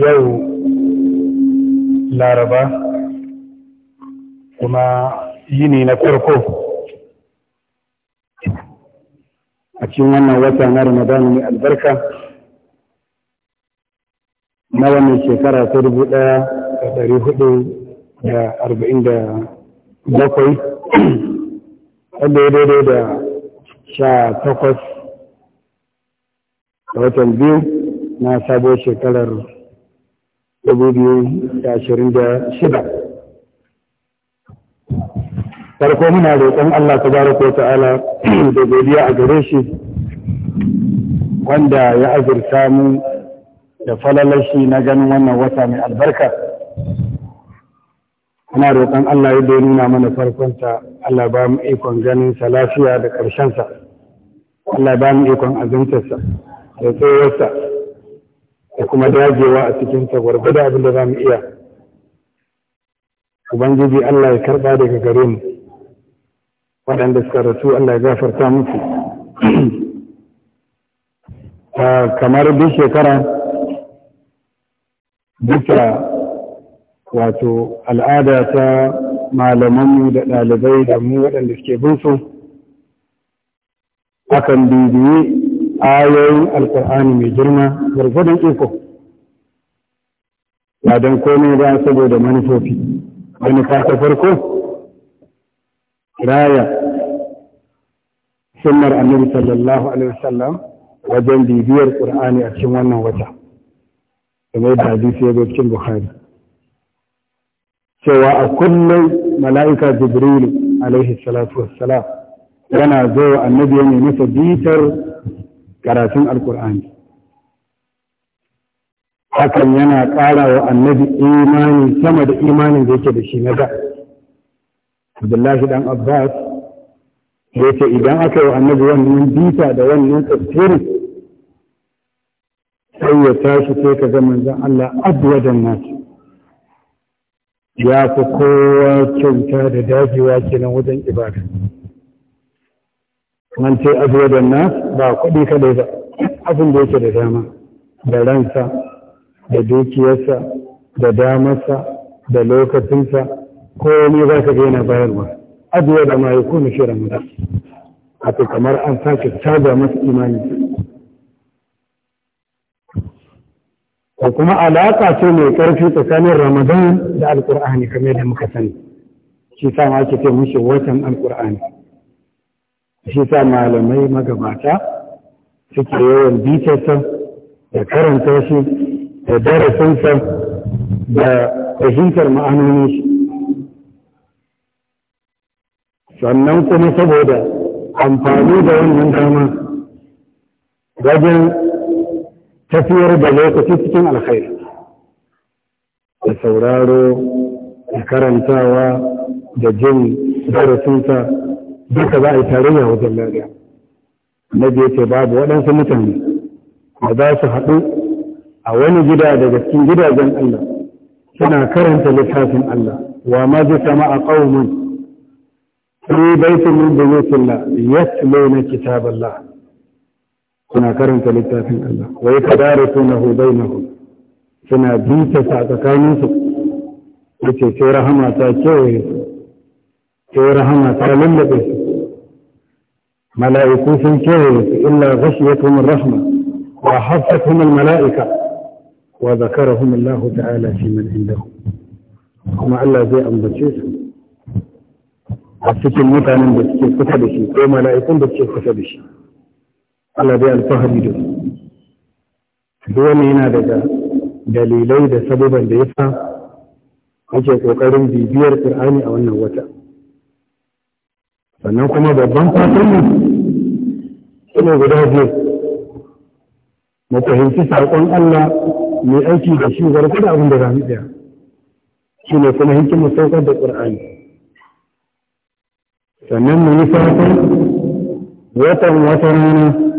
yau laraba kuma yini na farko a cikin wannan wata na ramadan mai albarka na wannan shekara ta dubu ɗaya da ɗari hudu da arba'in da bakwai wanda ya daidai da sha takwas da watan biyu na sabon shekarar dubu farko muna roƙon Allah ta baraka wa ta'ala da godiya a gare shi wanda ya azurta mu da falalashi na ganin wannan wata mai albarka ana roƙon Allah yadda ya nuna mana farkonsa Allah ba mu ikon ganin sa lafiya da ƙarshensa Allah ba mu ikon azuntarsa da tsayarsa da kuma dagewa a cikin sa gwargwada abin da za mu iya Ubangiji Allah ya karɓa daga gare mu waɗanda suka rasu Allah ya gafarta musu ah, kamar duk shekara duk wato al'ada ta malamanmu da ɗalibai da mu waɗanda suke bin su akan bibiyi ayoyin alkur'ani mai girma gargadon iko ba don komai ba saboda manufofi manufa ta farko raya sunnar annabi sallallahu alaihi wasallam wajen bibiyar qur'ani a cikin wannan wata kamar da hadisi ya zo cikin Buhari. cewa a kullum mala'ika jibril alaihi salatu wassalam yana zo annabi ya nemi masa bitar karatun alkur'ani hakan yana ƙara wa annabi imani sama da imanin da yake da shi na da abdullahi dan abbas ya ce idan aka yi wa annabi wannan bita da wannan tafsiri sai ya tashi sai ka zama manzon Allah abwadan nasu ya fi kowa kyauta da dajewa kenan wajen ibada man ce azwadan nas ba kuɗi kadai ba abin da yake da dama da ransa da dukiyarsa da damarsa da lokacinsa ne za ka gaina bayarwa abuwa da ma yi kuma shirin mutum a kamar an sake caja masa imani da kuma alaƙa ce mai ƙarfi tsakanin ramadan da alƙur'ani kamar da muka sani shi sa ma ake ce mushi watan alƙur'ani shi sa malamai magabata suke yawan bitarsa da karanta shi da darasinsa da fahimtar ma'anoni, shi sannan kuma saboda amfani da wannan dama wajen tafiyar da lokaci cikin alkhairi da sauraro da karantawa da jin darasinsa duka za a yi tarayya wajen lariya na ce babu waɗansu mutane da za su haɗu a wani gida daga cikin gidajen Allah suna karanta littafin Allah wa ma zai sama a ƙaunin fi baitin min na yatluna kitaballah suna karanta littafin Allah wa ya su na hudai na suna bita sa tsakaninsu ya ce sai rahama ta kewaye su sai rahama ta lullabe su mala'iku sun kewaye su illa zashi ya ghashiyatuhum rahama wa hafsa al-mala'ika wa zakara zakarahum Allah ta'ala shi man indahu kuma Allah zai ambace su a cikin mutanen da suke kusa da shi ko mala'ikun da suke kusa da shi Allah bai alfahari da su duk wani yana daga dalilai da sababan da ya sa ake kokarin bibiyar Qur'ani a wannan wata sannan kuma babban fatan mu shine guda biyu mu fahimci saƙon Allah mai aiki da shi zarfi da abin da za mu tsaya shi ne kuma mu saukar da Qur'ani sannan mu yi fatan watan wata rana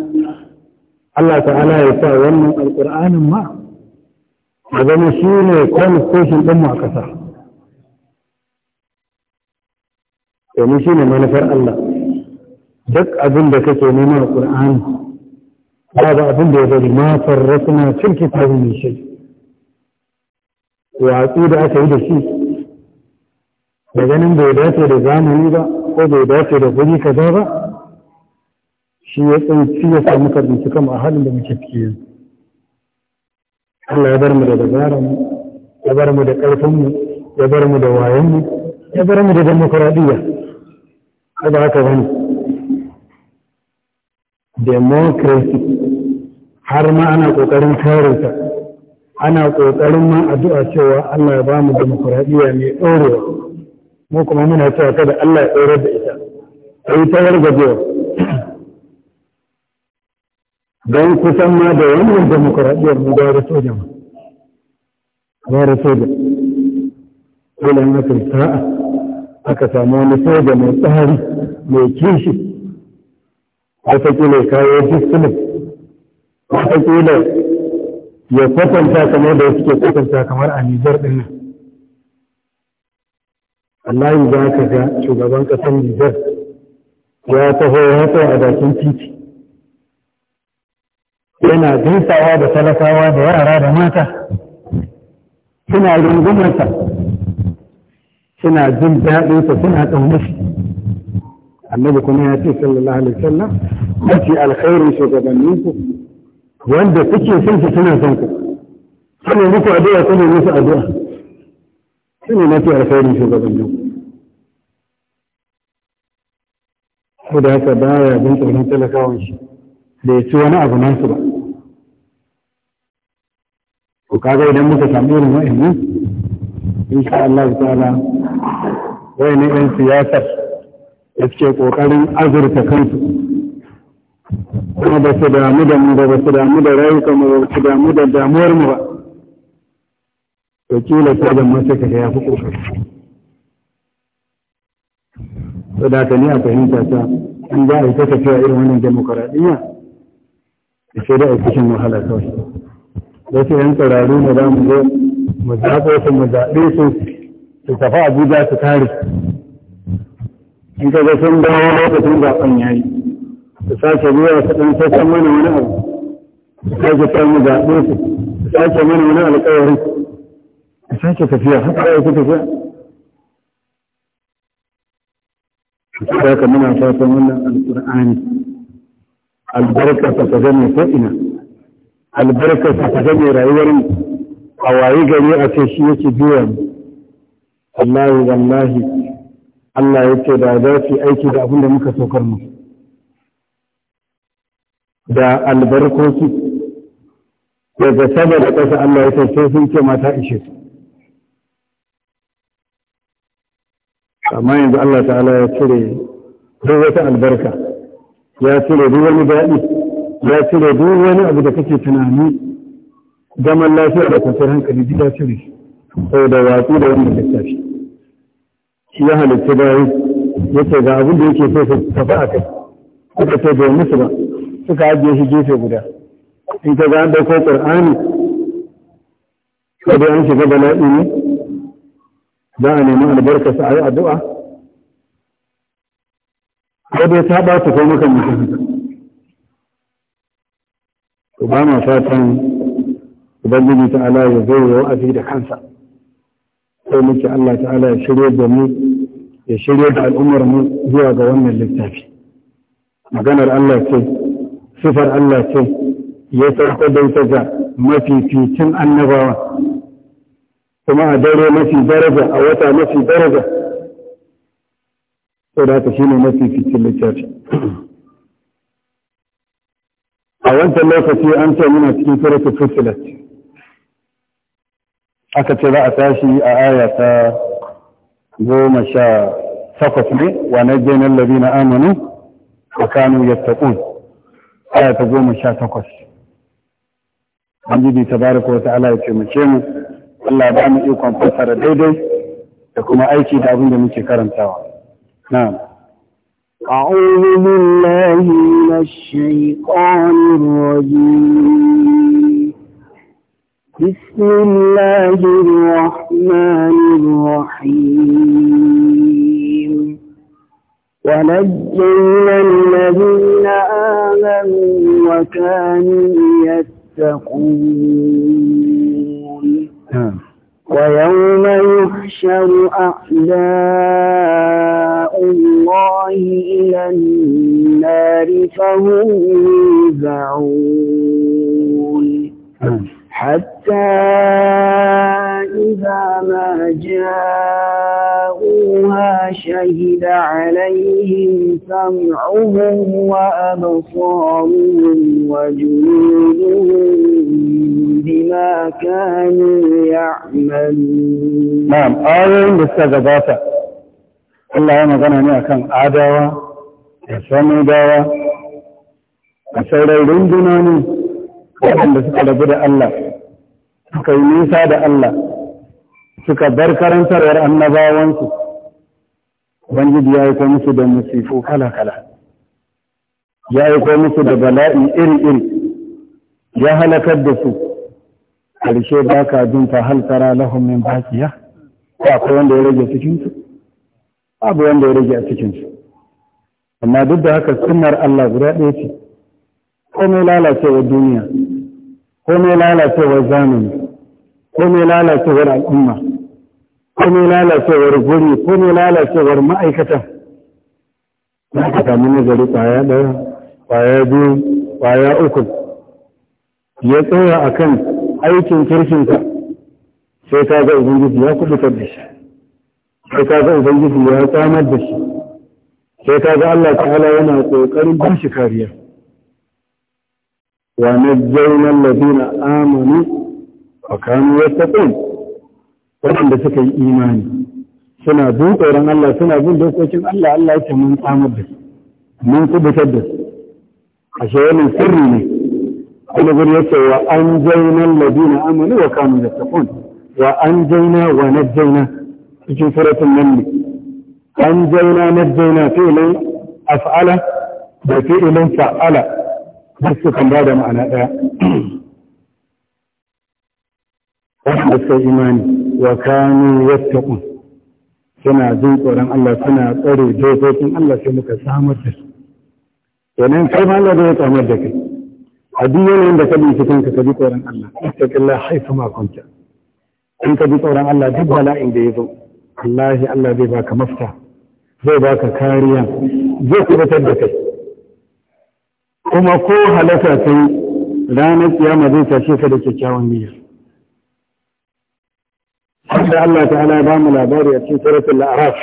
Allah ta'ala ya sa wannan alƙur'anin ma a zama shi ne constitution ɗinmu a ƙasa domin shi ne manufar Allah duk abin da kake nema a ƙur'ani da abin da ya bari ma farrasuna cin kitabu mai shi watsi da aka yi da shi da ganin bai dace da zamani ba ko bai dace da guri kaza ba shi ya tsaye ya samu su kama a halin da muke fiye yanzu Allah ya bar mu da dabaran ya bar mu da ƙarfin mu ya bar mu da wayan mu ya bar mu da demokradiyya ko da haka bane demokrasi har ma ana ƙoƙarin kare ana ƙoƙarin ma addu'a cewa Allah ya ba mu demokradiyya mai ɗorewa mu kuma muna cewa kada Allah ya ɗorar da ita ai ta wargajewa don kusan ma da wannan demokuraɗiyar mu gara soja ma gara soja dole mafi sa'a aka samu wani soja mai tsari mai kishi wata kila kawo discipline wata kila ya kwatanta kamar da suke kwatanta kamar a Nijar din nan Allah za ka ga shugaban ƙasar Nijar ya taho ya a bakin titi yana gaisawa da talakawa da yara da mata suna rungumarsa suna jin daɗinsa suna ƙaunashi annabi kuma ya ce sallallahu alaihi wasallam mafi alkhairin shugabanninku wanda kuke son su suna son ku suna muku addu'a suna musu addu'a suna mafi alkhairin shugabanninku ko da haka baya bin tsoron talakawan shi bai ci wani abu nasu ba to kaga idan muka samu irin wa'annan insha Allah ta'ala wa'annan yan siyasar da suke kokarin azurta kansu kuma ba su damu da mu ba ba su damu da rayuka mu ba su damu da damuwar mu ba to kila sai da masu kaga ya fi kokari to da ka ni a fahimta ta in za a yi ta tafiya irin wannan demokaradiyya sai da a cikin wahala kawai da ke yan tsararru na za mu zo mu zaɓo su mu zaɓe su su tafi abuja su kare in ka ga sun dawo lokacin zaɓen ya yi su sake zuwa su ɗan sassan mana wani abu su sake ta mu zaɓe su su sake mana wani alƙawarin su sake tafiya haka ya ku tafiya Saka muna fatan wannan alƙur'ani albarka ta zama ko'ina. ina albarkar ta game rayuwar a waye gari a ce shi yake biya wallahi wallahi Allah ya ce da za su aiki da abin da muka saukar mu da albarkoki daga sama da ƙasa Allah ya ce sai sun ce mata ishe su amma yanzu Allah ta'ala ya cire duk wata albarka ya cire duk wani daɗi ya cire duk wani abu da kake tunani zaman lafiya da kwanciyar hankali duk ya cire sau da watsi da wani littafi shi ya halitta bayan yake ga abin da yake so su tafi a kai suka ce bai musu ba suka ajiye shi gefe guda in ka ga an dauko qur'ani ko da an shiga bala'i ne za a nemi albarka sa a yi addu'a ko ta kai maka mutum to ba ma fatan ubangiji ta'ala ya zai wa wa'azi da kansa sai muke Allah ta'ala ya shirya da mu ya shirya da al'ummar mu zuwa ga wannan littafi maganar Allah ce sifar Allah ce ya farko da ga mafificin annabawa kuma a dare mafi daraja a wata mafi daraja da haka shine mafificin littafi a wancan lokaci an ce muna cikin suratul fusilat aka ce za a tashi a aya ta goma sha takwas ne wa na labi labina amanu a kanu yattaqun aya ta goma sha takwas an ji bi tabaraka wata ala ya ce mu mu Allah ba mu ikon fasara daidai da kuma aiki da abin da muke karantawa na'am أعوذ بالله من الشيطان الرجيم بسم الله الرحمن الرحيم ونجينا الذين آمنوا وكانوا يتقون نعم. ويوم يحشر أعداء الله إلى النار فهم يوزعون نعم. حتى إذا ما جاءوها شهد عليهم سمعهم وأبصارهم وجنودهم بما كانوا يعملون نعم آيين بستغباتا الله يا مغانا ne akan adawa da samudawa a sauran rundunoni waɗanda suka rabu da Allah suka nisa da Allah suka bar karantarwar annabawansu Ubangiji ya aiko musu da musifu kala-kala, ya aiko musu da bala'i iri-iri, ya halakar da su, karshe ba ka jin fa hal tara lahum min baqiya akwai wanda ya rage cikinsu babu wanda ya rage a cikinsu? amma duk da haka sunnar Allah guda ɗaya ce Ko mai lalacewar duniya Ko mai lalacewar zamani Ko mai lalacewar al'umma Ko mai lalacewar guri mai lalacewar ma'aikata za ka samu nazari kwaya ɗaya kwaya biyu kwaya uku ya tsaya akan aikin kirkinka sai ka ga ubangiji ya kubutar da shi sai ka ga ubangiji ya tsamar da shi sai ka ga Allah ta'ala yana kokarin ba shi kariya wa najjayna alladhina amanu wa kanu yattaqun wanda suka yi imani suna bin tsoron Allah suna bin dokokin Allah Allah ya ce mun tsamar da su mun kubutar da su ashe wannan sirri ne kuma guri yake wa an jaina ladina amanu wa kanu yattaqun wa an jaina wa najjaina cikin suratul naml an jaina najjaina fi'lan af'ala da fi'lan fa'ala duk su kan bada ma'ana ɗaya wanda suka imani wa kanu yattaqun suna jin tsoron Allah suna tsare dokokin Allah sai muka samar da su kenan kai ma Allah zai samar da kai a duk yanayin da ka bi cikin ka ka bi tsoron Allah ittaqillah haythu ma kunta in ka bi tsoron Allah duk bala'in da ya zo wallahi Allah zai baka mafita zai baka kariya zai kubutar da kai kuma ko halaka ta yi ranar kiyama zai tashe ka da kyakkyawan niyya da Allah ta'ala ya bamu labari a cikin suratul araf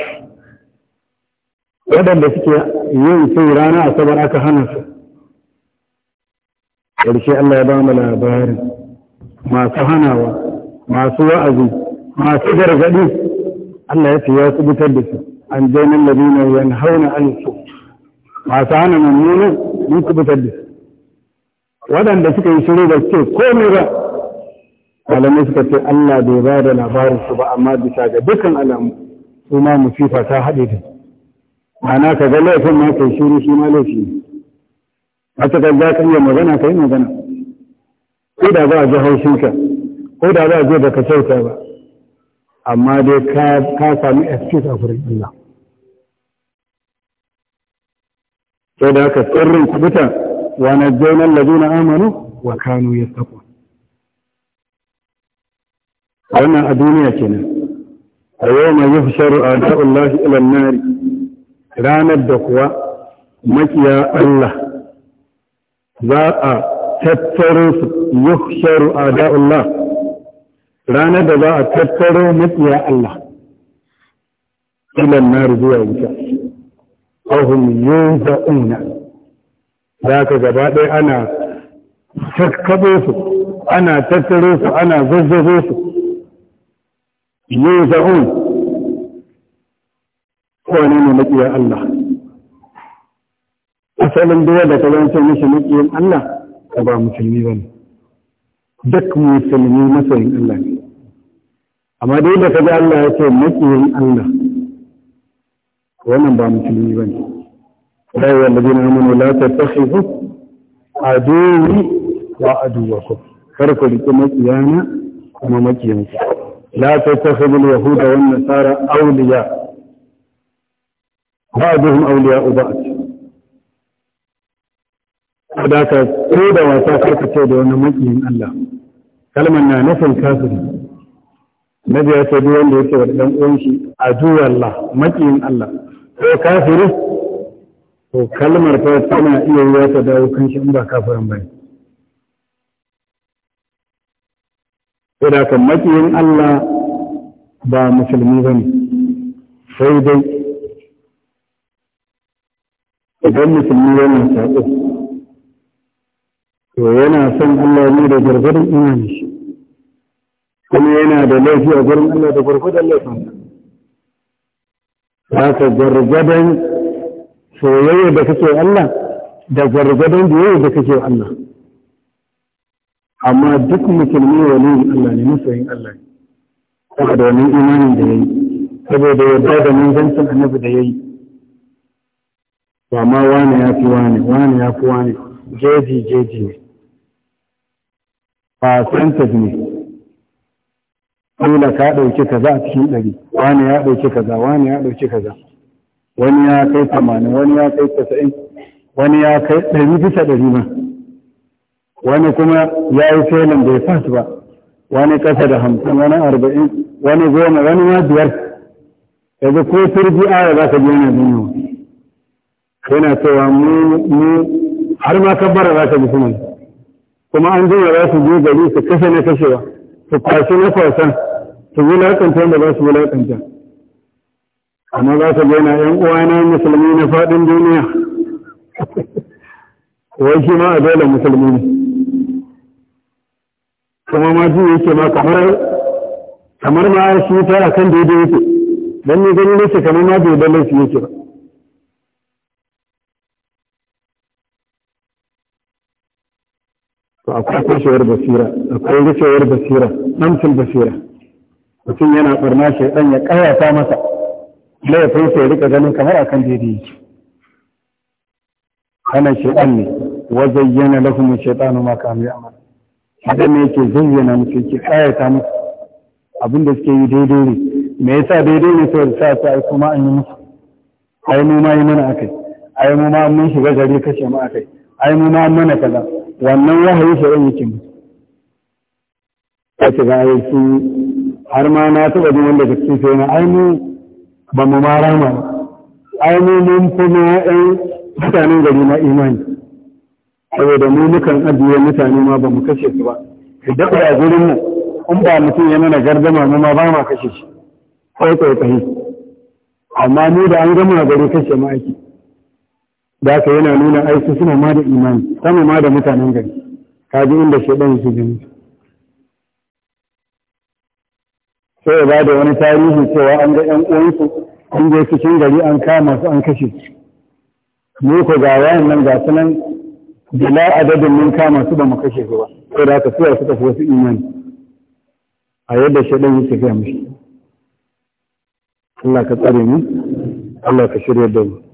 waɗanda suke yin sai rana asabar aka hana su ƙarshe Allah ya ba mu labarin masu hanawa masu wa'azi masu gargaɗi Allah ya ce ya kubutar da su an jainin labina yan hauna an su masu hana mummuna mun kubutar da su waɗanda suka yi shiru da ce komai ba malamai suka ce Allah bai ba da labarin su ba amma bisa ga dukkan alamu su ma musifa ta haɗe ta ma'ana ka ga laifin ma kai shiru shi ma laifi ne matakar za ka iya magana ka yi magana ko da ba a ji haushinka ko da ba a ji ka kyauta ba amma dai ka sami excuse a furin Allah sai da haka tsirrin kubuta wa na jainan lazuna amanu wa kanu ya tsako wannan a duniya kenan a yau mai yi fusharu a da'ullahi ilan nari ranar da kuwa makiya Allah za a tattaro su yuhsharu ada'ullah ranar da za a tattaro matsiya Allah ilan nar zuwa wuta ahum yunza'una za ka gaba ɗaya ana kakkaɓo su ana tattaro su ana zazzabo su yunza'un kowane ne matsiya Allah asalin duwa da ka zance mishi maƙiyin Allah ka ba musulmi ba ne duk musulmi masoyin Allah ne amma dai da ka ji Allah ya ce maƙiyin Allah wannan ba musulmi ba ne لا أيها الذين آمنوا لا تتخذوا عدوي وعدوكم فرقوا لكم مكيانا وما مكيانا لا تتخذوا اليهود والنصارى أولياء بعضهم أولياء بعض da ka ko da wasa karka ce da wani makiyin Allah kalmar na nufin kafiri nabi ya ce duk wanda yake wa dan uwan shi juya Allah makiyin Allah ko kafiri to kalmar ta tana iya yi ta dawo kan shi in ba kafirin bane ko da kan makiyin Allah ba musulmi bane sai dai idan musulmi yana saƙo to yana son Allah ne da gargadin imani shi kuma yana da laifi a gurin Allah da gargadin laifin ka gargadin soyayya da kake Allah da gargadin biyayya da kake Allah amma duk musulmi wani Allah ne masoyin Allah ne a wani imanin da ya yi saboda yadda da manzancin annabi da ya yi ba ma wani ya fi wani, wani ya fi wani, jeji jeji ne percentage ne kila ka ɗauki kaza a cikin ɗari wani ya ɗauki kaza wani ya ɗauki kaza wani ya kai tamanin wani ya kai tasa'in wani ya kai ɗari bisa ɗari ma wani kuma ya yi felin bai fas ba wani ƙasa da hamsin wani arba'in wani goma wani ma biyar yanzu ko turbi aya za ka biyana yana yana cewa mu har ma kabbara za ka ji sunan kuma an jima za su je gari su kashe na kashewa su kwashe na kwasan su wulakanta da za su wulakanta amma za su gaina yan uwana musulmi na faɗin duniya wai shi ma a dole musulmi ne kuma ma ji yake ma kamar kamar ma shi ta akan daidai yake don ni gani nake kamar ma bai da laifi yake ba to akwai kushewar basira akwai rikewar basira namcin basira mutum yana barna shaidan ya kayata masa laifinsa ya rika ganin kamar akan daidai yake kana shaidan ne wa zayyana lahum shaytanu ma kanu ya'mal hadan ne yake zayyana musu yake kayata musu abin da suke yi daidai ne me yasa daidai ne sai sa ta ai kuma an yi musu ai mu ma yi mana akai ai mu ma mun shiga gari kashe mu akai ai mu mana kaza wannan wahayi shirin yake mu kace ga ai har ma na taba jin wanda kace sai na ai mu ba mu ma rama ai mu mun kuma ai mutanen gari na imani saboda mu mukan ajiye mutane ma ba mu kashe su ba idan a gurin mu in ba mutum ya mana gardama mu ma ba ma kashe shi kai kai kai amma mu da an gama gari kashe mu aiki. da aka yana nuna aiki suna ma da imani sama ma da mutanen gari kaji inda shaidan yake gani sai ya bada wani tarihi cewa an ga yan uwansu an je cikin gari an kama su an kashe su mu ko ga wayan nan ga su nan bila adadin mun kama su ba mu kashe su ba sai da aka suwa su fi wasu imani a yadda shaidan yake gaya mishi Allah ka tsare mu Allah ka shirya da mu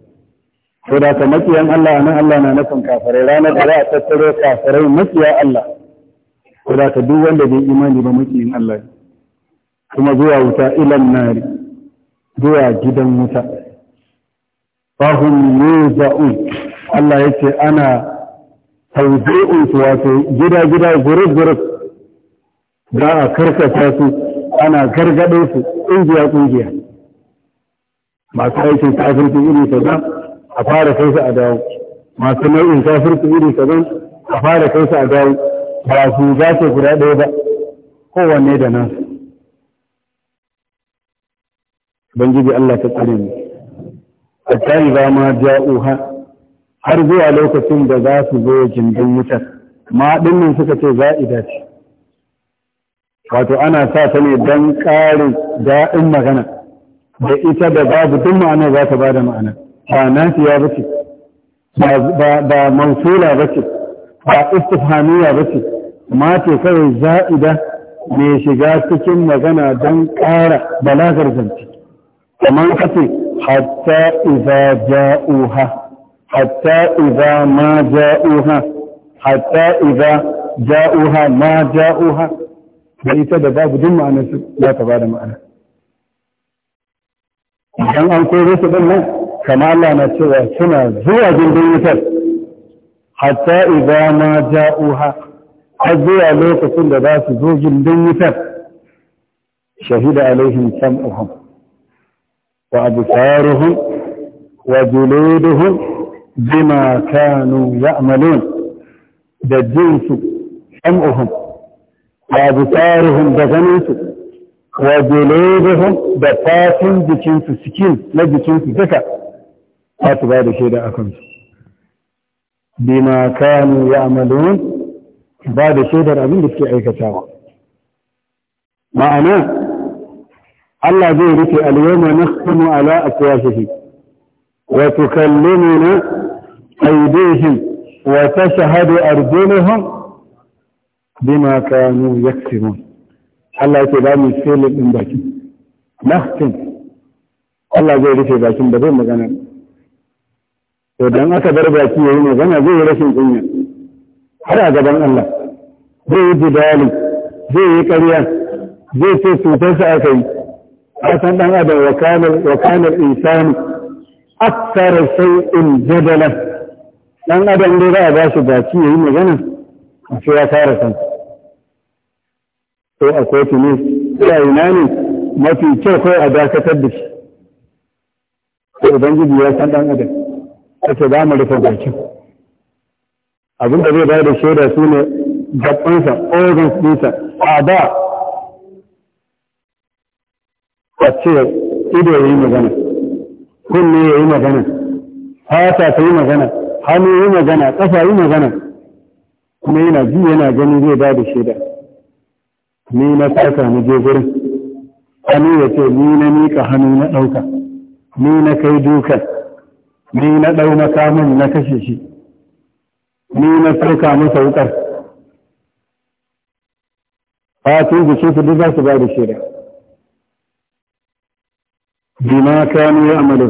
ko da ka makiyan Allah nan Allah na nufin kafirai ranar da za a tattaro kafirai makiya Allah ko da ka duk wanda bai imani ba makiyan Allah kuma zuwa wuta ilan nari zuwa gidan wuta fahim yuza'un Allah yace ana tawzi'un su wato gida gida gurus gurus za a karkata su ana gargaɗe su ƙungiya ƙungiya masu aikin kafirci iri kaza a fara kai su a dawo masu nau'in kafirci iri kaza a fara kai su a dawo ba su za su guda ɗaya ba kowanne da nan ubangiji Allah ta tsare mu a tsari ba ma ja'uha har zuwa lokacin da za su zo gindin wutar ma dinnan suka ce a ce wato ana sa ta ne don ƙarin daɗin magana da ita da babu duk ma'ana za ta ba da ma'ana ba nafiya ba ce ba mausula ba ce ba ba ce ce kawai za'ida mai shiga cikin magana don ƙara balagar zance kamar kace hatta idza ja'uha hatta idza ma ja'uha hatta idza ja'uha ma ja'uha da ita da babu duk ma'anar za ta da ma'ana idan an kore su ɗan nan kama Allah na cewa suna zuwa jirgin wutar hatta idan ma ja'uha har zuwa lokacin da za su zo jirgin wutar shahida alaihim sam'uhum wa absaruhum wa juluduhum bima kanu ya'malun da jinsu sam'uhum wa absaruhum da ganinsu wa juluduhum da fatin jikinsu sikin na jikinsu duka za su ba da shaida a kansu bima kanu ya amalun ba da shaidar abin da suke aikatawa ma'ana Allah zai rufe al-yawma nakhtimu ala afwahihim wa tukallimuna aydihim wa tashhadu arjuluhum bima kanu yaksibun Allah yake ba mu filin din bakin nakhtim Allah zai rufe bakin ba zai magana to dan aka bar baki yayi magana zai rashin kunya har a gaban Allah zai yi dalil zai yi ƙarya zai ce cutarsa aka yi a san dan adam wakalar insani akthar shay'in jadala dan adam dai za ba shi baki yayi magana a ce ya fara san to akwai tuni ne ina ne mafi kyau kai a dakatar da shi ubangiji ya san dan adam ake za mu rufe bakin abin da zai bayar da shaida su ne gabansa organs sinsa a da a ce ido ya yi magana kunne ya yi magana fata ta yi magana hannu yi magana ƙafa yi magana kuma yana ji yana gani zai ba da shaida ni na taka na je gurin hannu ya ce ni na miƙa hannu na ɗauka ni na kai dukan ni na ɗau makamin na kashe shi ni na sauka masa wukar fatu da su duk za su ba da shaida bima kanu ya amalu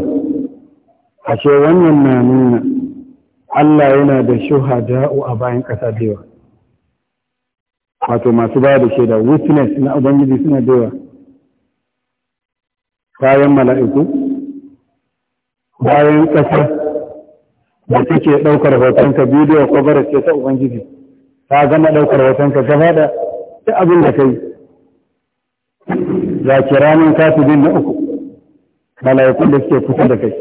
ashe wannan na nuna Allah yana da shuhada'u a bayan ƙasa da wato masu ba da shaida witness na ubangiji suna da yawa Kayan mala'iku bayan ƙasa da take ɗaukar hotonka bidiyo ko bara ce ta ubangiji ta gama ɗaukar hotonka gaba da ta abin da kai za ki ranar bin na uku mala'ikun da suke kusa da kai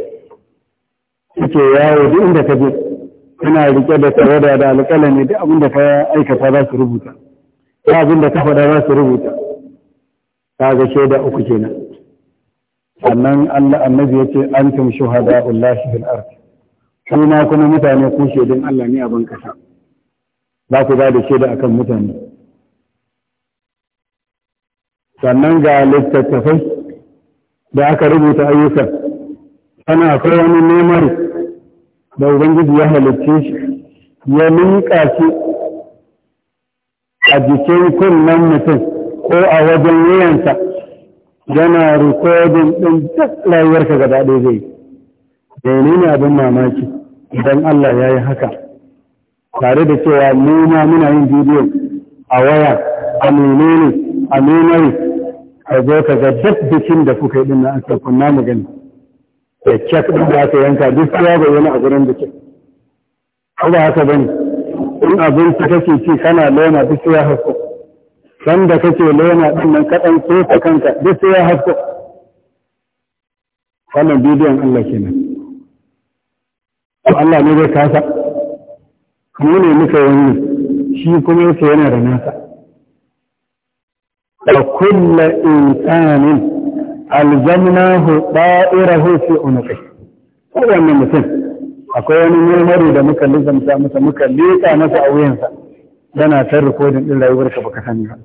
suke yawo duk inda ka je suna rike da tsaro da ne duk abin da ka aikata za su rubuta ta abin da ka faɗa za su rubuta ta ga shaida uku kenan sannan Allah annabi yace antum shuhada'ullahi fil ard kuma kuma mutane ku shedin Allah ne a ban kasa za ku ba da shaida akan mutane sannan ga littattafai da aka rubuta ayyukan ana akwai wani neman da ubangiji ya halicce shi ya miƙa shi a jikin kunnen mutum ko a wajen wuyansa yana rikodin ɗin duk rayuwarka gaba ɗaya zai yi ne abin mamaki idan Allah ya yi haka tare da cewa nuna muna yin bidiyo a waya a menene a menare A zo ka ga duk bikin da kuka yi ɗin na aka gani da cek ɗin da aka yanka duk ya bayyana a gurin bikin ko ba haka bane in abin su kake ci kana lema duk ya hasko sanda kake lena ɗin nan kaɗan tsofa kanka duk sai ya hasko wannan bidiyon Allah ke nan. to Allah ne zai kasa mu ne muka wani shi kuma yake yana da nasa da kulla insanin aljamnahu da'irahu fi unuqi kowanne mutum akwai wani marmari da muka lizamta masa muka leka masa a wuyansa yana ta rikodin ɗin ka baka sani ba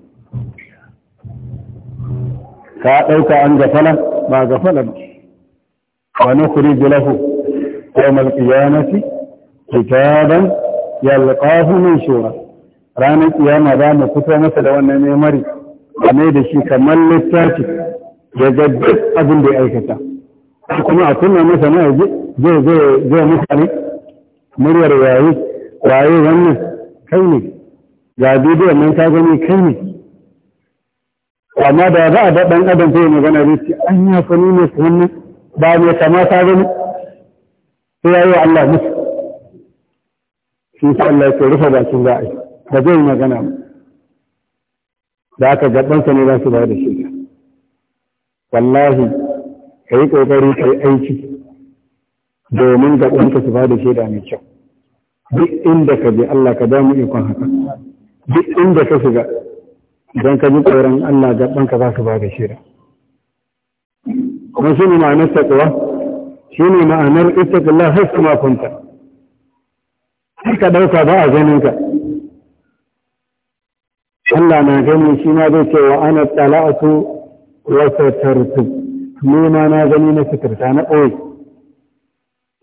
ka ɗauka an gafala ba gafala ba wa nukhrij lahu yawm al-qiyamati kitaban yalqahu shura. ranar kiyama za mu fito masa da wannan nemari a mai da shi kamar littafi ya ga abin da ya aikata kuma a kunna masa na zai zai zai mutane muryar waye waye wannan kai ne ga bidiyon nan ta gani kai ne amma da za a daɗan adam zai magana gana ce an ya fani ne su hannu, ba mai kama ta gani sai ya yi wa Allah musu shi sa Allah ke rufe bakin za a yi ba zai magana ba da aka sa ne za su ba da shi wallahi ka yi ƙoƙari ka yi aiki domin gabanka su ba da da mai kyau duk inda ka bi Allah ka damu ikon haka duk inda ka shiga don ka ji tsoron Allah gabanka za ka ba da shira kuma shi ne ma'anar taƙuwa shi ne ma'anar istaƙullah har su makonta. har ka ɗauka ba a ganin ka Allah na gani shi na zai cewa ana tsala'atu wata tartu Nuna na gani na fitarta na ɓoye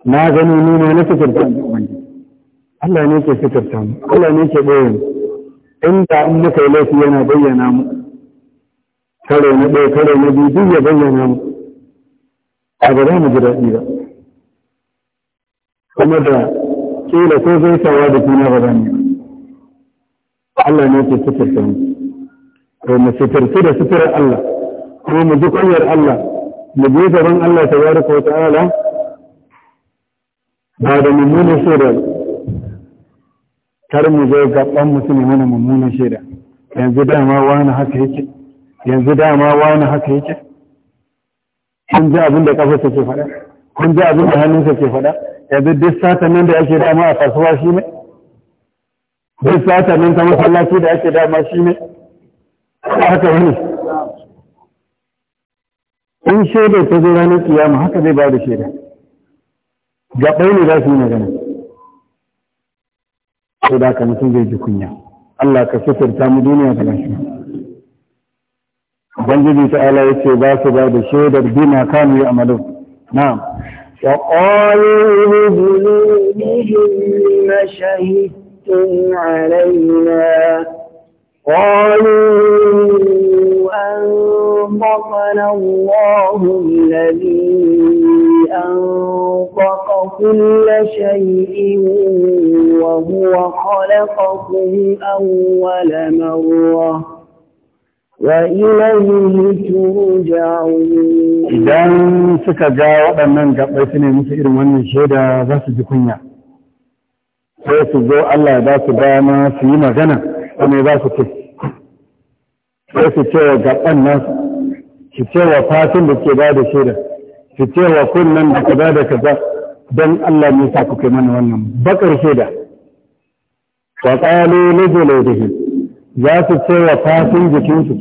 na gani nuna na fitarta na ɓoye Allah ne ke fitarta mu Allah ne ke ɓoye mu inda in muka yi laifi yana bayyana mu karo na ɗaya karo na biyu duk ya bayyana mu a ba za mu ji daɗi ba kuma da kila ko zai sawa da juna ba za mu Allah ne ke suturta mu to mu suturci da suturar Allah ko mu ji kunyar Allah mu je gaban Allah tabaraka wa ta'ala ba da mummunan shirar kar mu zai ga ɗan mutum mana mummunan shaida yanzu dama wani haka yake yanzu dama wani haka yake kun ji abin da kafarsa ke faɗa kun ji abin da hannunsa ke faɗa yanzu duk satan nan da ake dama a kasuwa shi ne duk satan nan ta masallaci da ake dama shi ne haka wani in shaida ta zo ranar kiyama haka zai ba da shaida gaɓai ne za su yi magana ko da ka mutum zai ji kunya Allah ka suturta mu duniya da lafiya Ubangiji ala ya ce za su ba da shaidar bima kanu ya amalu na'am وقالوا لجلودهم لم شهدتم علينا قالوا an أنطقنا الله الذي أنطق كل شيء وهو خلقكم أول مرة Idan suka ga waɗannan gaɓai su ne musu irin wannan shaida za su ji kunya, sai su zo Allah za su dama su yi magana, wani za su ce, sai su ce wa gaɓan ki ce wa fatin da ke ba da shaida ki ce wa kunnan da kaza da kaza don Allah ne sa ku kai mana wannan bakar shaida wa qalu lijlaidihim za su ce wa fatin su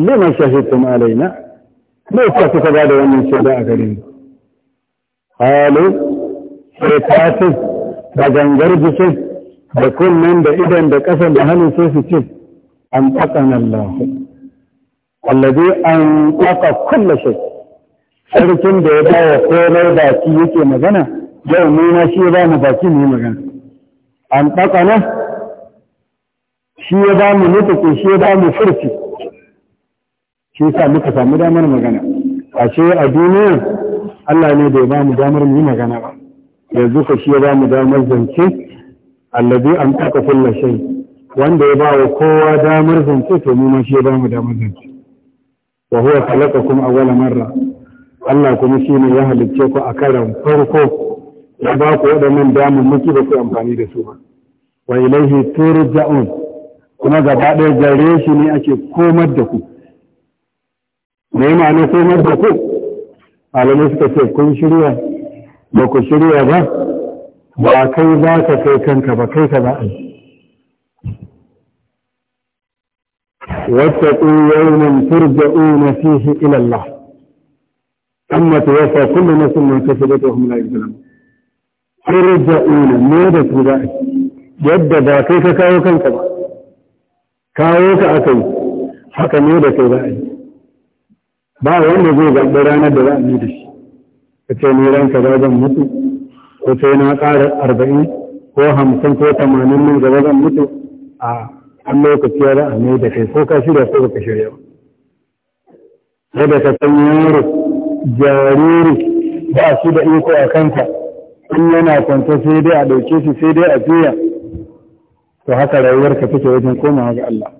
lima shahidtum alaina me yasa kuka ba da wannan shaida a gare mu qalu sai fatin da gangar jikin da kunnan da idan da kasan da hannun sai su ce an taqana Allah allazi an kafa kulle shi sarkin da ya ba wa komai baki yake magana yau nuna shi ya ba mu baki mu yi magana an ɗaka na shi ya ba mu nutuku shi ya ba mu furci shi sa muka samu damar magana a ce a duniya Allah ne bai ba mu damar mu yi magana ba yanzu ka shi ya ba mu damar zance allazi an taka kulle shi wanda ya ba wa kowa damar zance to mu ma shi ya ba mu damar zance wa huwa khalaqakum awwala marra Allah kuma shine ya halicce ku a karan farko ya ba ku waɗannan muke ba ku amfani da su ba wa ilaihi turja'un kuma gaba ɗaya gare shi ne ake komar da ku me ma'ana komar da ku malamai suka ce kun shirya ba ku shirya ba ba kai za ka kai kanka ba kai ka za a yi واتقوا يوما ترجعون فيه إلى الله أما توفى كل نفس ما كسبت وهم لا يظلمون ترجعون ماذا ترجعون يد باقي كاو كنك با kawo ka aka yi haka ne da kai za a ba wanda zai zaɓi ranar da za a da shi ka ce ni ranka za zan mutu ko sai na ƙara arba'in ko hamsin ko tamanin nan gaba zan mutu a an lokaci ya za a mai da kai ko ka shirya ko ka shirya ba kada ka san yaro jariri ba shi da iko a kanta in yana kwanta sai dai a ɗauke shi sai dai a juya to haka ka take wajen komawa ga Allah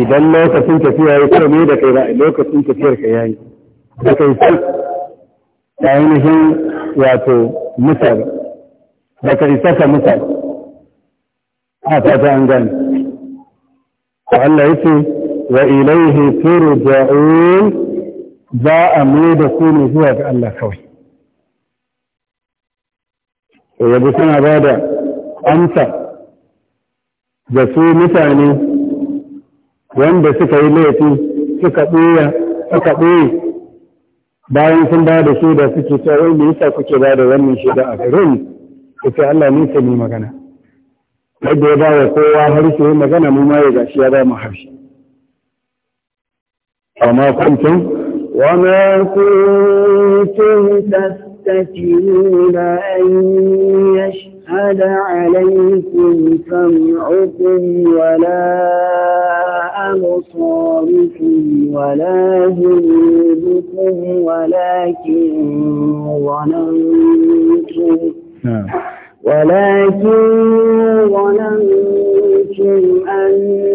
idan lokacin tafiya ya kuma mai da kai ba lokacin tafiyar ka yayi da kai sai ta ainihin wato musa da kai saka musa a fata an gani Allah ya ce wa ilaihi turja'un za a mai da ku ne zuwa ga Allah kawai yabi suna ba da amsa da su mutane wanda suka yi laifi suka suka ɓoye bayan sun ba da shaida suke cewa wanda yasa kuke ba da wannan shaida a garin? ni sai Allah ne ka ni magana yadda ya ba wa kowa harshe magana mu ma ya gashi ya ba mu harshe amma kuntum وما كنتم تستكبرون أن يشهد عليكم سمعكم ولا أبصاركم ولا جنودكم ولكن ظننتم ولكن ظننتم أن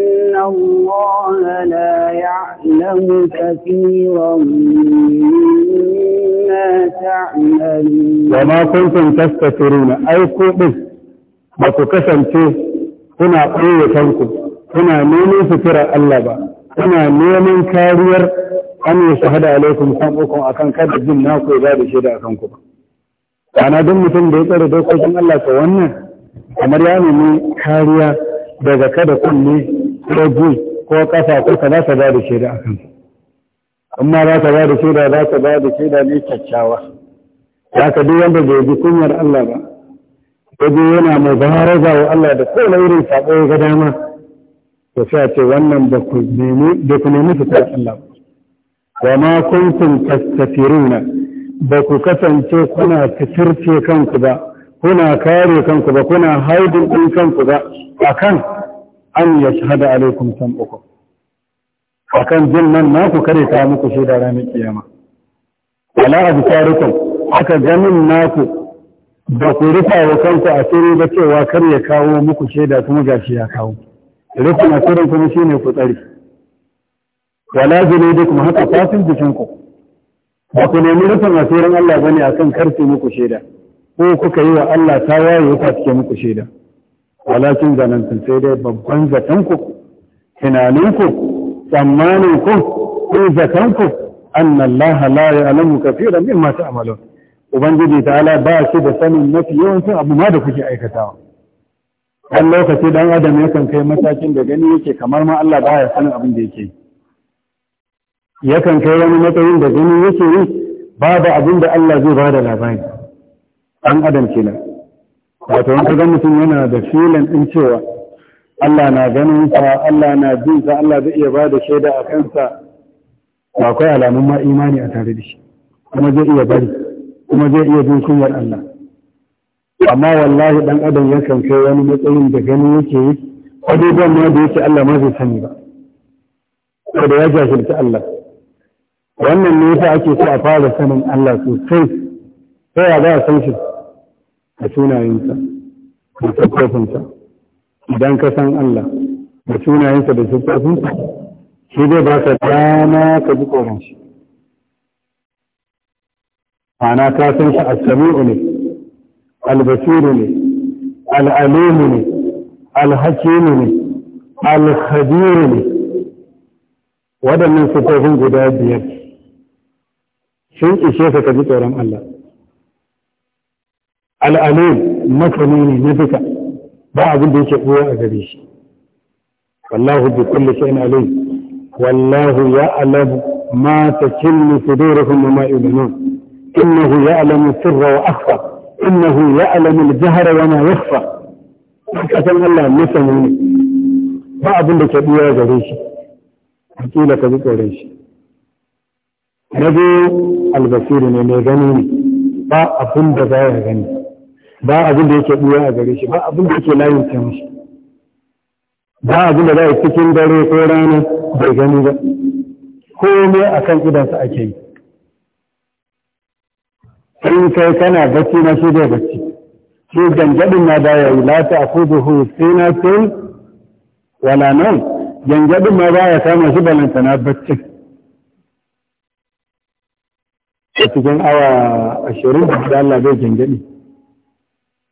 الله لا يعلم كثيرا مما تعملون وما كنتم تستترون أي كوبس بتكسن فيه هنا قوة تنكم هنا نومي سترى الله بقى kuna neman kariyar an yi shahada alaikum san ukun akan kada jin naku ya ba da shaida akan ku ba kana don mutum da ya tsara dokokin Allah ta wannan kamar ya nemi kariya daga kada kunne ko ji ko kasa ko ka za ta ba da shaida a kan amma za ta ba da shaida za ta ba da shaida ne kyakkyawa za ka duk wanda bai bi kunyar Allah ba waje yana mai baharaza wa Allah da kowane irin saɓo ya ga dama to sai a ce wannan ba ku nemi fitar Allah ba wa ma kuntum tastafiruna ba ku kasance kuna fitirce kanku ba kuna kare kanku ba kuna haidin ɗin kanku ba A kan, an ya shahada alaikum A kan jin nan na ku kare ta muku shaida ranar kiyama ala abtarikum aka ganin ku ba ku rufa wa kanku asiri ba cewa kar ya kawo muku shaida kuma gashi ya kawo rufin asirin kuma ne ku tsari wala junudukum haka fasin jikinku ba ku nemi rufin asirin Allah bane akan karfe muku shaida ko kuka yi wa Allah ta waye ya kwace muku shaida walakin zanantun sai dai babban zaton ku tunanin ku tsammanin ku ko zaton ku anna la ya'lamu kaseeran mimma ta'malun ubangiji ala ba shi da sanin mafi yawancin abu ma da kuke aikatawa wani lokaci dan adam yakan kai matakin da gani yake kamar ma Allah baya sanin abin da yake yi yakan kai wani matsayin da gani yake yi babu abin da Allah zai ba da labari an adam kenan wato wani ga mutum yana da filin din cewa Allah na ganin sa Allah na jin sa Allah zai iya ba da shaida a kansa akwai alamun ma imani a tare da shi kuma zai iya bari kuma zai iya jin kunyar Allah amma wallahi dan adam yakan kai wani matsayin da gani yake yi abubuwan ma da yake Allah ma zai sani ba Kada ya jahilci Allah wannan ne yasa ake so a fara sanin Allah sosai sai ya za a san shi a sunayensa da siffofinsa idan ka san Allah da sunayensa da siffofinsa shi zai ba ka dama ka ji tsoron shi ma'ana ka san shi as-sami'u ne al-basiru ne al-alimu ne al-hakimu ne al-khabiru ne waɗannan siffofin guda biyar sun ishe ka ka ji tsoron Allah al'alim masani ne na duka ba abin da yake ɓoye a gare shi wallahu bi kulli shay'in alim wallahu ya'lamu ma takillu suduruhum wa ma yu'linun innahu ya'lamu sirra wa akhfa innahu ya'lamu al-jahra wa ma yakhfa kasan Allah masani ne ba abin da ke ɓoye a gare shi hakila ka ji tsoron shi na biyu albasiru ne mai gani ne ba abin da za ya gani ba abin da yake ɓuya a gare shi ba abin da yake layin ta mashi ba abin da za a cikin dare ko rana bai gani ba komai a kan idansa ake yi in kai kana bacci na shi da bacci shi gangadin na baya yi la ta akudu hu sinatin wala nan gangadin ma baya kama shi na baccin a cikin awa ashirin da Allah zai jangadi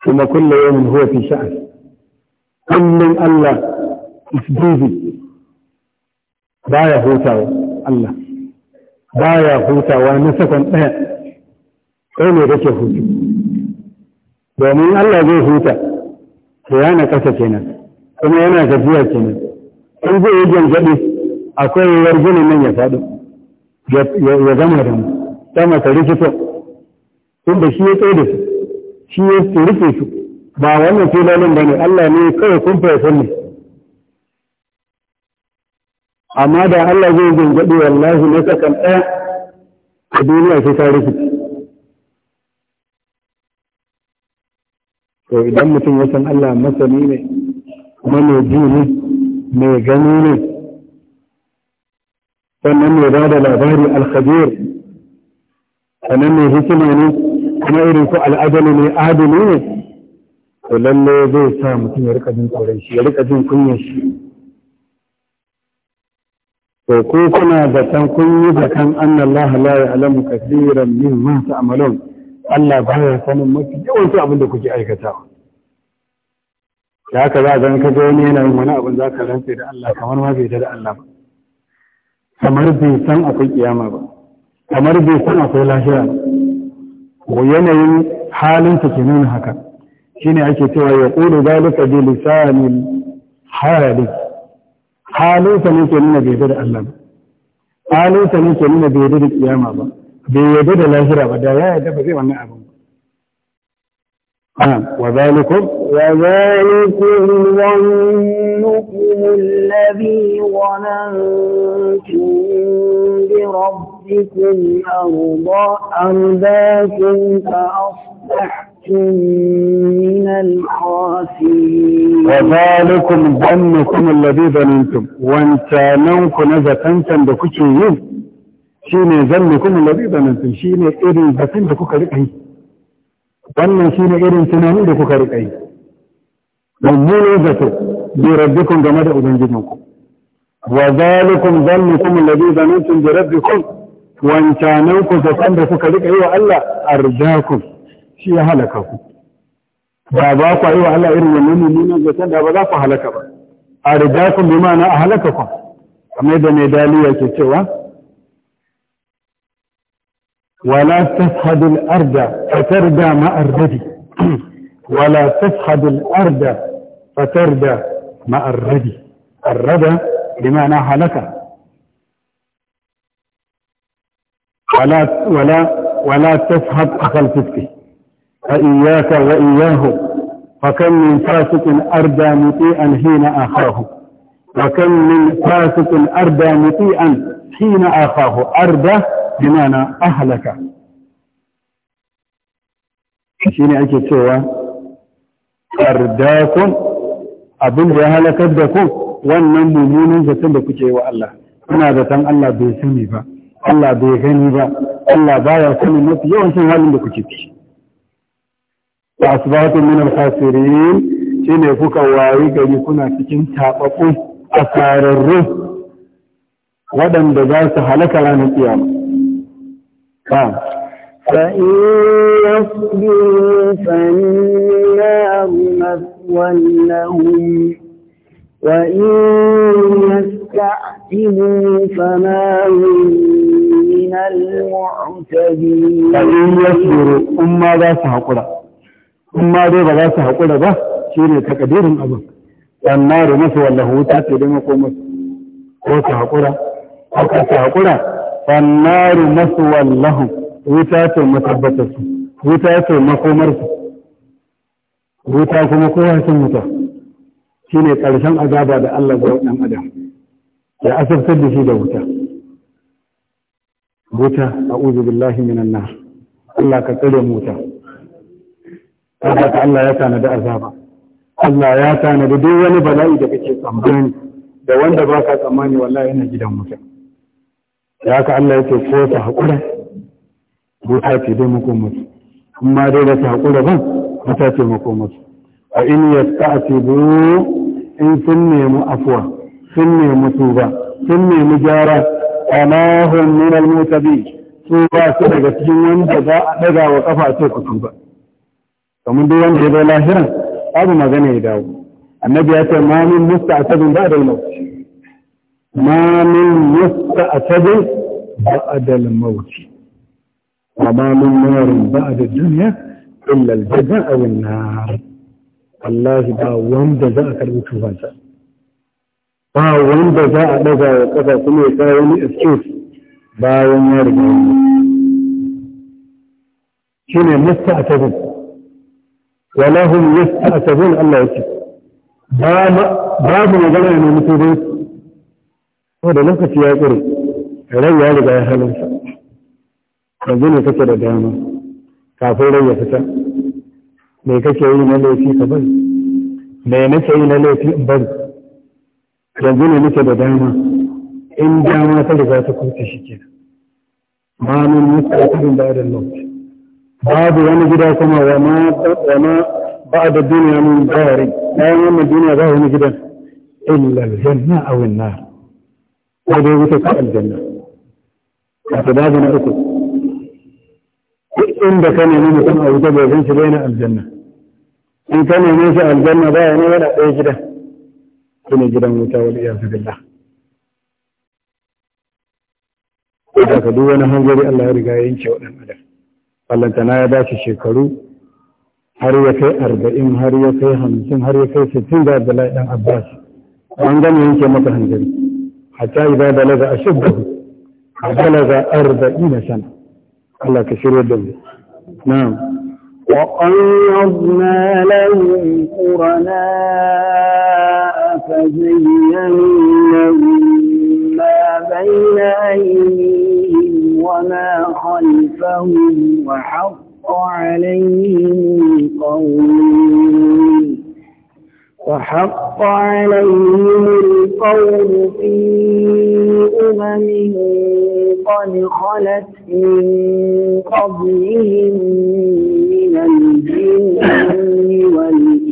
kuma kulle min huwa fi sha'ar kullum Allah is busy baya hutawa Allah baya hutawa na sakon ɗaya kai ne kake hutu domin Allah zai huta to yana ƙasa kenan kuma yana tafiya kenan in zai yi jangadi akwai yarjunan nan ya faɗo ya zama da mu ta masa rikito inda shi ya tsaye da su shi ya rufe su ba wannan filalin ba ne Allah ne kawai kun fayyasan ne amma da Allah zai gangaɗe wallahi na sakan ɗaya a duniya sai ta rikici to idan mutum ya san Allah masani ne kuma mai ji ne mai gani ne sannan mai ba da labari alkhabir sannan mai hikima ne kuma irin su al'adalu ne adali ne to lalle zai sa mutum ya rika jin tsoron shi ya rika jin kunyar shi to ko kuna zaton kun yi zaton annallaha la ya'lamu kaseeran mimma ta'malun Allah ya sanin mafi yawanci abin da kuke aikatawa da haka za a zan kaga wani yana yin wani abin za ka rantse da Allah kamar ma bai da Allah ba kamar bai san akwai kiyama ba kamar bai san akwai lafiya ko yanayin halinta ke nuna haka shine ake cewa ya ƙudu zalika bi lisanin hali halinsa ne ke nuna bai da Allah ba halinsa ne ke nuna bai da kiyama ba bai yarda da lafiya ba da ya yarda ba zai wannan abin وذلكم وذلكم ظنكم الذي ظننتم بربكم ربكم أرضى أرضاكم فأصبحتم من الخاسرين وذلكم ظنكم الذي ظننتم وانت نوك نزك انت عندك شيئين شيني ظنكم الذي ظننتم شيني ايرين بسين دكوك رقعي ظنن شيني ايرين تنامين دكوك رقعي وموزته بربكم جمال أبنجدكم وذلكم ظنكم الذي ظننتم بربكم wancanan ku zaton da suka rika yi wa Allah ardakum shi ya halaka ku ba ba ku yi wa Allah irin wannan mummunan zaton da ba za ku halaka ba ardakum bi ma'ana a halaka ku kamar da mai daliya ke cewa wala tashhadu al-arda fatarda ma ardadi wala tashhadu al-arda fatarda ma ardadi arda bi ma'ana halaka ولا ولا ولا تفحط أخا الفسق فإياك وإياه فكم من فاسق أردى مطيئا حين أخاه وكم من فاسق أردى مطيئا حين أخاه أردى بمعنى أهلك shine ake cewa ardakun abin da ya halakar da ku wannan mummunan zaton da kuke wa Allah kuna zaton Allah bai sani ba Allah bai gani ba Allah baya sani mafi yawancin halin da ku ciki. wa asbatu min al-khasirin shine kuka wayi gari kuna cikin tababbu asararru waɗanda za su halaka ranar kiyama ba فإن يصبروا فالنار مثوى لهم وإن فما هم من المعتدين فإن يصبروا أما لا سهقرا أما لا سهقرا به شيني تقدير أبو النار مثوى له وتاتي لمقومة وسهقرا أكا سهقرا فالنار مثوى له وتاتي مثبتة وتاتي مقومة wuta kuma kowa sun wuta shine ƙarshen azaba da Allah ga ɗan adam ya asabtar da shi da wuta wuta a uzu billahi minan nar Allah ka tsare mota tabbata Allah ya tanadi azaba Allah ya tanadi duk wani bala'i da kake tsammani da wanda ba ka tsammani wallahi yana gidan wuta Ya ka Allah ya ce ko ta haƙura wuta ce dai mako mutu amma dai da ta haƙura ban wuta ce mako mutu a in ya bu in sun nemi afuwa sun nemi tuba sun nemi gyara وما هم من المتبين su ba su daga cikin wanda za a daga wa kafa sai ku tuba kamar duk wanda ya zo lahiran babu magana ya dawo annabi ya ce ma min musta'tabin ba'da al-maut ma min musta'tabin ba'da al-maut wa ma min narin ba'da dunya illa al-jannah aw an-nar wallahi ba wanda za a karbi tubansa ba wanda za a daga wa ƙasa kuma ya kawo wani excuse bayan ya riga shi ne musta'tabin walahum yasta'tabun Allah ya ba babu magana ne mutum ko da lokaci ya ƙure rai ya riga ya halinsa yanzu ne kake da dama kafin rai ya fita me kake yi na laifi ka bari me nake yi na laifi in bari yanzu ne nake da dama in dama ta riga ta kuce shi ke ma min mustaqbilin ba'da al-maut babu wani gida kuma wa ma wa ma ba'da dunya min dari bayan wannan duniya za wani gidan illa al-janna aw an-nar ko dai wuta ta aljanna wato babu na uku inda ka nemi mutum a wuta bai zan shi bai na aljanna in ka nemi shi aljanna ba wani yana ɗaya gidan su gidan wuta wal iyazu billah da ka duk wani hanzari Allah ya riga yanke wa ɗan adam na ya dace shekaru har ya kai arba'in har ya kai hamsin har ya kai sittin da Abdullahi dan Abbas an gama yanke masa hanzari hatta idan balaga a balaga arba'ina sana Allah ka shirya da mu na'am وقيضنا لهم قرناء فزين لهم ما بين أيديهم وما خلفهم وحق عليهم القول وحق عليهم القول في أمم قد خلت من قبلهم من الجن والإنس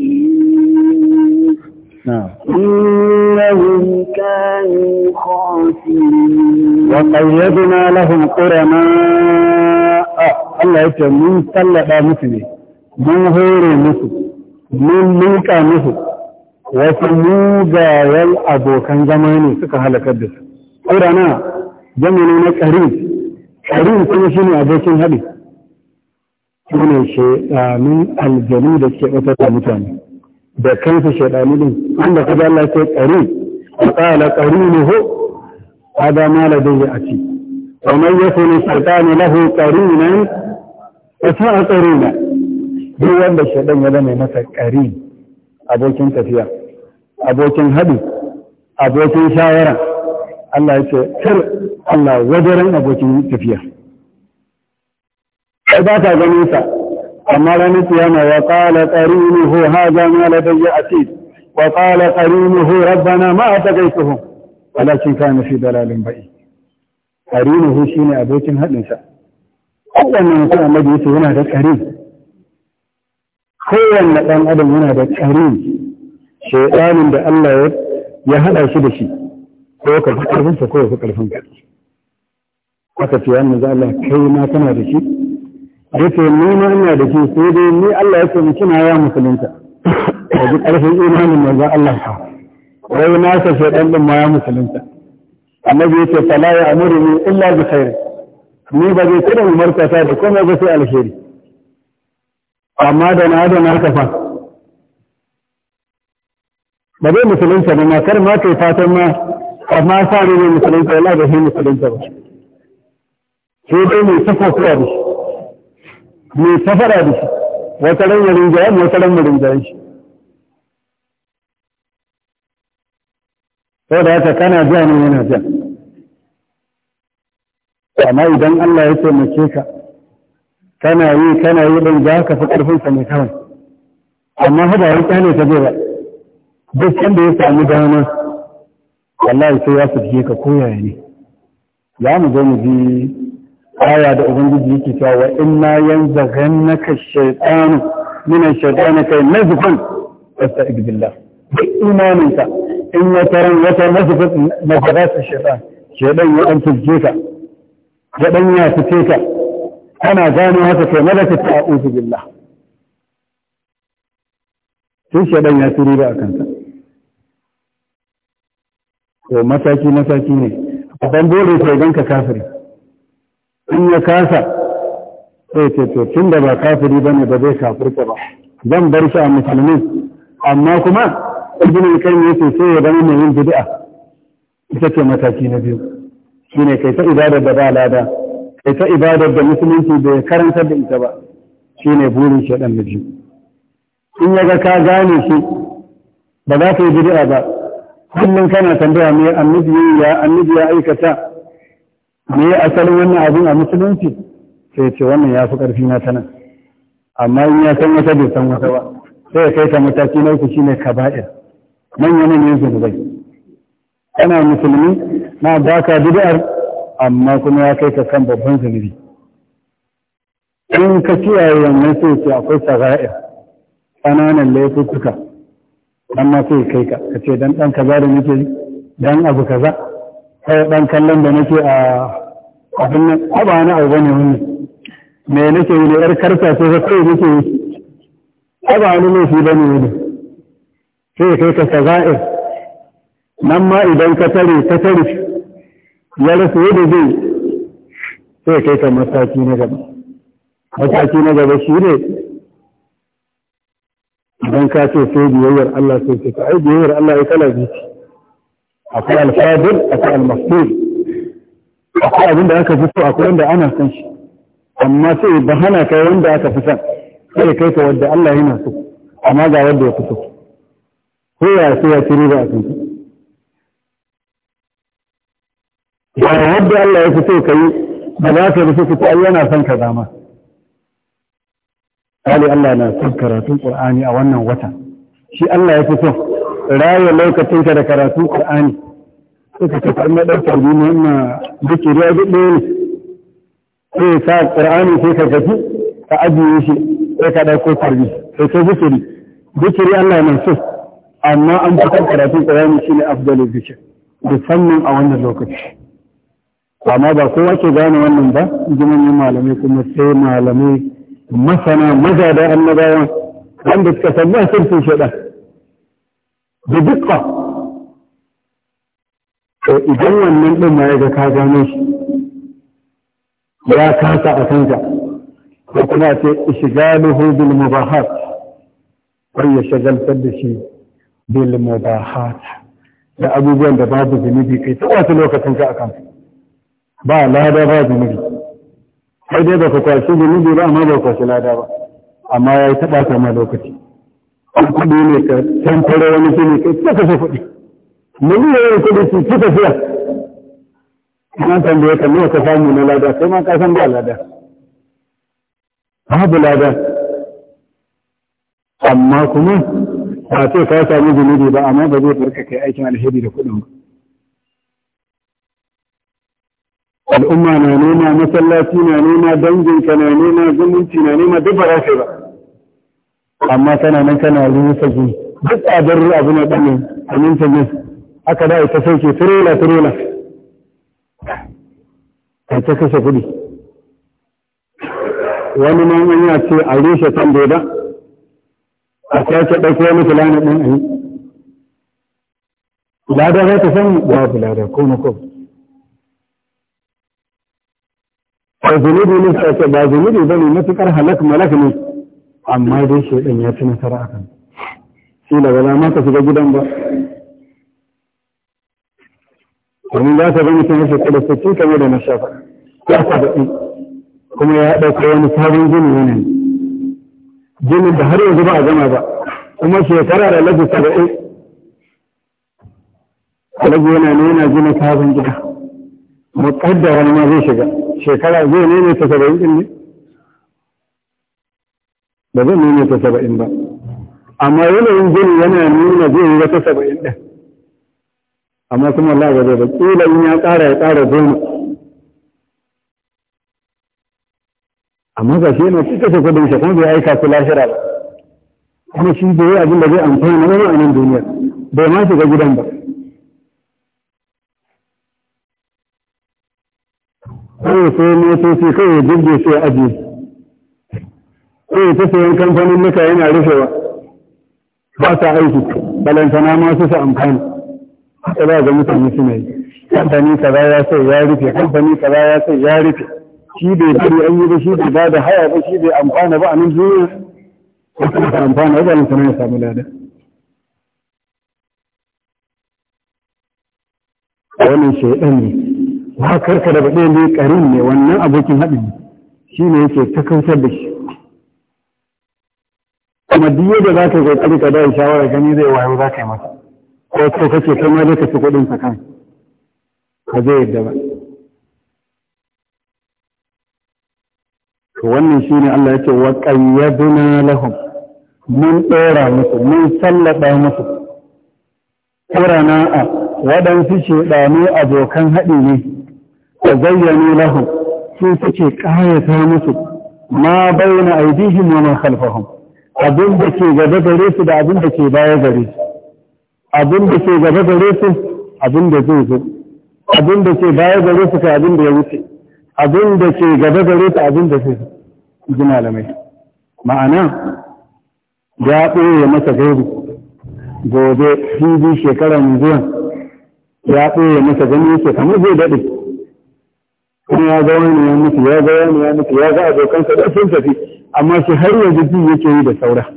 إنهم كانوا خاسرين وقيدنا لهم قرناء الله wasu mugayen abokan zama ne suka halakar da Ƙurana zamani na ƙarin, ƙarin kuma shi ne abokin aljanu da ke ɓatar da mutane. da kansu shaidani din inda kaza Allah ya ne qari A qarinuhu hada ma ladayhi ne wa ho yakun ne? lahu qarinan a ƙari ne duk wanda shaɗan ya zama masa ƙari abokin tafiya abokin haɗu abokin shawara Allah ya ce kar Allah wajen abokin tafiya sai ba ta ganin sa أما لنتيما وقال قرينه هذا ما لدي أتيت وقال قرينه ربنا ما أتقيته ولكن كان في ضلال بعيد قرينه شين أبوك هدنسا أولا من يكون مجلس هنا هذا كريم هو أن أدم هنا هذا كريم شيطان ده الله يهدى شيء شيء هو كالفكر فكره فكره فكره فكره فكره فكره فكره فكره فكره فكره ف yace ni ma ina da shi sai dai ni Allah ya ce mu kina ya musulunta da duk ƙarfin imanin manzo Allah ka wai na sa shedan din ma ya musulunta annabi yace fala ya amuru illa bi khair ni ba zai kada umarta ta da komai ba sai alheri amma da na da na kafa. ba zai musulunta ba ma kar ma kai fatan ma amma sa ne musulunta wallahi ba sai musulunta ba sai dai mai sako kuwa da shi mai safara da shi wata ran ya rinjaye wata ran mu rinjaye shi da haka kana jiya ne yana ja amma idan Allah ya taimake ka kana yi kana yi din za ka fi karfin sa ne kawai amma hada ya kyale ta zai ba duk da ya sami dama wallahi sai ya fuske ka koyaya ne za mu zo mu ji aya da ubangiji yake cewa wa inna yanzaghannaka shaytanu min ash-shaytani kai nazfan fasta'id billah imaninka in ya taran wata nazfan nazfan shaytan shaytan ya an ka ya dan ya fice ka kana gano haka kai malaka ta'awuzu billah ya kanta mataki mataki ne dan dole sai in ya kasa sai ce to tun da ba kafiri ba ne ba zai kafirka ba zan bar shi a musulmi amma kuma ibn kan qayyim yace sai ya zama mai yin bid'a ita ce mataki na biyu shine kai ta ibadar da ba lada kai ta ibadar da musulunci bai karanta da ita ba shine burin shi dan miji in ya ga ka gane shi ba za ka yi bid'a ba kullum kana tambaya me annabi ya annabi ya aikata me asalin wannan abin a musulunci sai ce wannan ya fi ƙarfi na ta amma in ya san wata bai san wata ba sai ya kai ta mataki na uku shine kaba'ir manya ne zunubai ana musulmi na baka bid'ar amma kuma ya kai ka kan babban zunubi in ka kiyaye wannan sai ce akwai saga'ir ƙananan laifuka amma sai kai ka ka ce dan ɗan kaza da nake dan abu kaza kai ɗan kallon da nake a abin nan aba na abu ne wani mai nake wani ne yar karta sai sai kai nake yi aba ni ne shi bane wani sai kai ka kaza'ir nan ma idan ka tare ka tare ya rasa yadda zai sai kai ka mataki na gaba mataki na gaba shi ne idan ka ce sai biyayyar Allah sai ce ka ai biyayyar Allah ya kala biyu akwai alfadir akwai almasdur akwai abin da aka fi so akwai wanda ana san shi amma sai ba hana kai wanda aka fi san sai kai ka wadda Allah yana so amma ga wadda ya fi so ko ya so ya ci riba a kan ka ba wadda Allah ya fi so ka yi, ba za ka rufe Ka yi yana son ka zama. Ali Allah na son karatun Qur'ani a wannan wata shi Allah ya fi so raya lokacinka da karatu ƙar'ani suka ce kan na ɗaukar duniya na zikiri a duk ɗaya ne sai sa ƙar'ani sai ka gafi ka ajiye shi sai ka ɗauko tarbi sai ka zikiri zikiri Allah na so amma an fitar karatun Qur'ani shine afdalu zikir musamman a wannan lokaci amma ba kowa ke gane wannan ba jimin malamai kuma sai malamai masana maza da annabawan wanda suka san ba sirfin shaɗa da dukka idan wannan ɗin ma ya ga ka gano shi ya kasa a kanka ko kuma ce ishigaluhu bil mubahat har ya shagaltar da shi bil mubahat da abubuwan da babu zunubi kai ta wata lokacin ka akan ba lada ba zunubi sai dai ka kwashi zunubi ba amma ba kwashi lada ba amma ya yi taɓa ma lokaci an kuɗi ne ka tantara wani shi ne ka ta kashe kuɗi mun yi yawan kuɗi su ci tafiya na tambaye ka nawa ka samu na lada kai ma ka san ba lada babu lada amma kuma ba ce ka samu zunubi ba amma ba zai farka kai aikin alheri da kuɗin ba al'umma na nema masallaci na nema danginka na nema zumunci na nema duk ba za ba amma tana nan tana rusa su duk tsadar abu ne a aminta ne aka da ita sauke turela turela a ta kashe kuɗi wani an yi ce a rushe kan doda a sake ɗauko wani fulani ɗin a yi lada za ta san babu lada ko na ko ba zunubi ne sai ba zunubi ba ne matuƙar halak malak ne amma dai shaidan ya ci nasara a kan shi daga dama ta shiga gidan ba domin za ta zama cikin da sittin kamar da na shafa ya saba'in kuma ya ɗauka wani sabon gini ne ginin da har yanzu ba a gama ba kuma shekara da lafi saba'in alaji yana ne yana gina sabon gida mu muƙaddara ma zai shiga shekara zai ne ne ta saba'in ɗin ne ba zan nuna ta saba'in ba amma yanayin jini yana nuna zai yi wata saba'in ɗin amma kuma Allah ba zai ba ƙila in ya ƙara ya ƙara goma amma ga shi yana cika shi kudin shi kuma bai aika su lashira ba kuma shi bai yi abin da zai amfani na wani a nan duniya bai ma shiga gidan ba kawai sai motoci kawai jirgin sai ajiye ko ya ta sayan kamfanin nuka yana rufewa ba sa aiki balantana ma su amfani haka za ga mutane suna yi kamfani kaza ya sai ya rufe kamfani kaza ya sai ya rufe shi bai bari an yi ba shi bai ba da haya ba shi bai amfana ba a nan duniya ba kuma amfana ba balantana ya samu lada wannan shaidan ne ba karka da baɗe ne karin ne wannan abokin haɗin shi ne yake ta kansar da shi kuma duk yadda za ka zai ka da shawara gani zai wayo za ka yi masa ko ko kake kai ma zai kudin kuɗin kan ka zai yadda ba to wannan shine Allah yake wa qayyadna lahum mun dora musu mun sallaba musu qurana a waɗansu shedanu abokan haɗi ne da zayyano lahum sun suke ƙayata musu ma bayna aidihim wa ma khalfahum abin da ke gaba gare su da abin da ke baya gare su abin da ke gaba gare su abin da zai zo abin da ke baya gare su kai abin da ya wuce abin da ke gaba gare su abin da zai zo ji malamai ma'ana ya ɓoye masa gari gobe bibi shekara mai zuwa ya ɓoye masa gani yake kamar zai daɗe kuma ya ga wani ya mutu ya ga wani ya mutu ya ga abokansa da sun tafi amma shi har yanzu ji yake yi da saura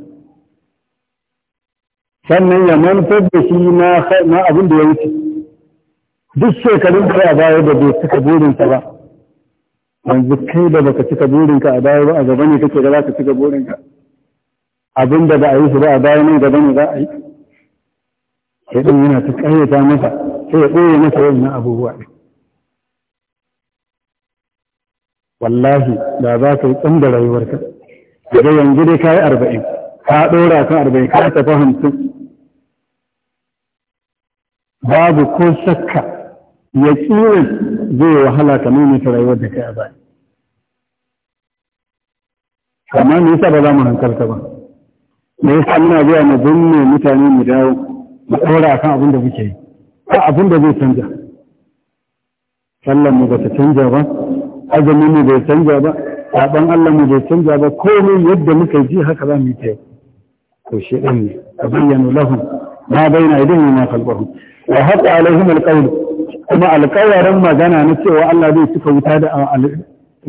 sannan ya mantar da shi na abin da ya wuce duk shekarun da a baya da bai cika burinsa ba yanzu kai da baka cika burinka a baya ba a gaba ne kake da za ka cika burinka abin da ba a yi shi ba a baya nan gaba ne za a yi shaɗin yana ta ƙayyata masa sai ya ɓoye masa wannan abubuwa wallahi da za ka yi tsan da rayuwarka daga yanzu dai kayi arba'in ka ɗora kan arba'in ka tafi hamsin babu ko shakka ya tsira zai wahala ka nuna ta rayuwar da kai a baya amma me yasa ba za mu hankalta ba me yasa muna zuwa mu binne mutane mu dawo mu ɗora kan abin da muke yi ba abin da zai canja sallan mu ba ta canja ba azumin mu bai canja ba saban Allah mu bai canja ba komai yadda muka ji haka za mu yi ta yau to shi ɗan ne a bayyana lahun ma bayyana idan yi ma kalbahu wa haƙa alaihim alƙawli kuma alƙawarin magana na cewa Allah zai suka wuta da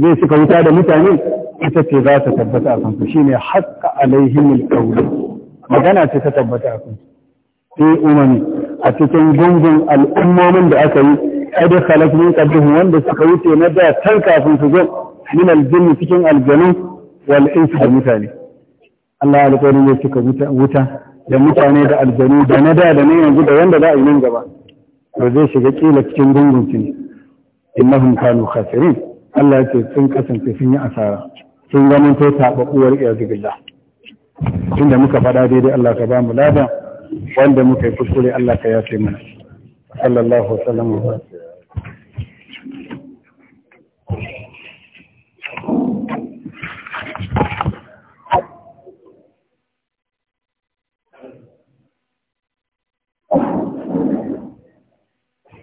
zai suka wuta da mutane ita ce za ta tabbata a kansu shine haƙa alaihim alƙawli magana ce ta tabbata a kansu sai umami a cikin gungun al'ummomin da aka yi kada khalaq min wanda suka wuce na da tan kafin su zo min aljinni cikin aljanu wal insu da mutane Allah ya alƙawarin ya cika wuta da mutane da aljanu da na da da na yanzu da wanda za a nan gaba to zai shiga kila cikin gungun ne innahum kanu khasirin Allah ya ce sun kasance sun yi asara sun ganin to tababuwar iyazu billah inda muka faɗa daidai Allah ka ba mu lada wanda muka yi kuskure Allah ka yafe mana